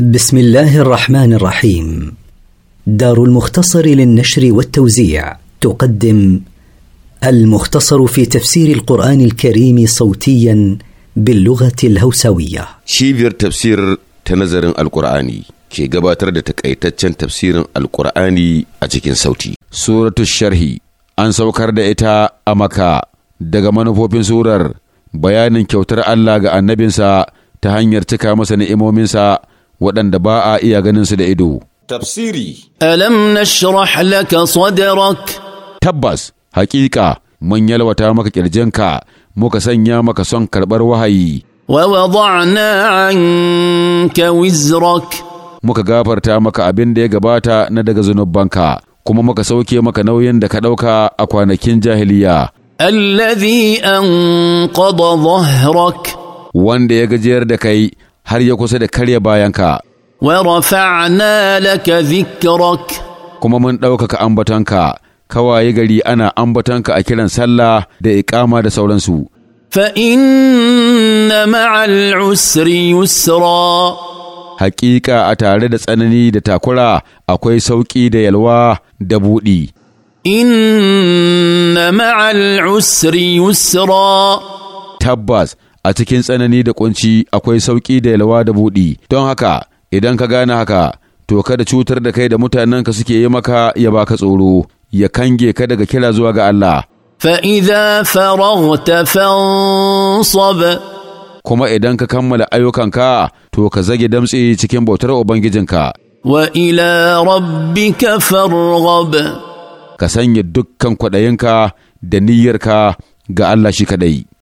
بسم الله الرحمن الرحيم دار المختصر للنشر والتوزيع تقدم المختصر في تفسير القرآن الكريم صوتيا باللغة الهوسوية شيفير تفسير تنظر القرآني كي قبا ترد تفسير القرآني أجيكين صوتي سورة الشرح أن سوكر دائتا أمكا دقا منفو بن سورر بيان كوتر ألاغ النبي سا تهنير تكامس نئمو من سا waɗanda ba a iya ganin su da ido. Tafsiri Alam nashrah laka sadrak Tabbas, haƙiƙa, mun yalwata maka ƙirjinka, muka sanya maka son karɓar wahayi. Wa wada'na anka wizrak Muka gafarta maka abin da ya gabata na daga zunubanka, kuma muka sauke maka nauyin da ka ɗauka a kwanakin jahiliya. an anqada dhahrak Wanda ya gajiyar da kai har ya kusa da karya bayanka. ورفعنا لك ذكرك kuma mun ɗaukaka ambatanka kawaye gari ana ambatanka a kiran sallah da iƙama da sauransu fainna مع usri يسرا Haƙiƙa a tare da tsanani da takura akwai sauƙi da yalwa da buɗi. Inna ma'al usri yusra Tabbas a cikin tsanani da kunci akwai sauƙi da yalwa da buɗi don haka idan ka gane haka to kada cutar da kai da mutanenka suke yi maka ya baka tsoro ya kange ka daga kira zuwa ga Allah فإذا فرغت kuma idan ka kammala ayyukanka to ka zage damtse cikin bautar ubangijinka wa ila rabbika farghab ka sanya dukkan kwaɗayinka da niyyarka ga Allah shi kaɗai.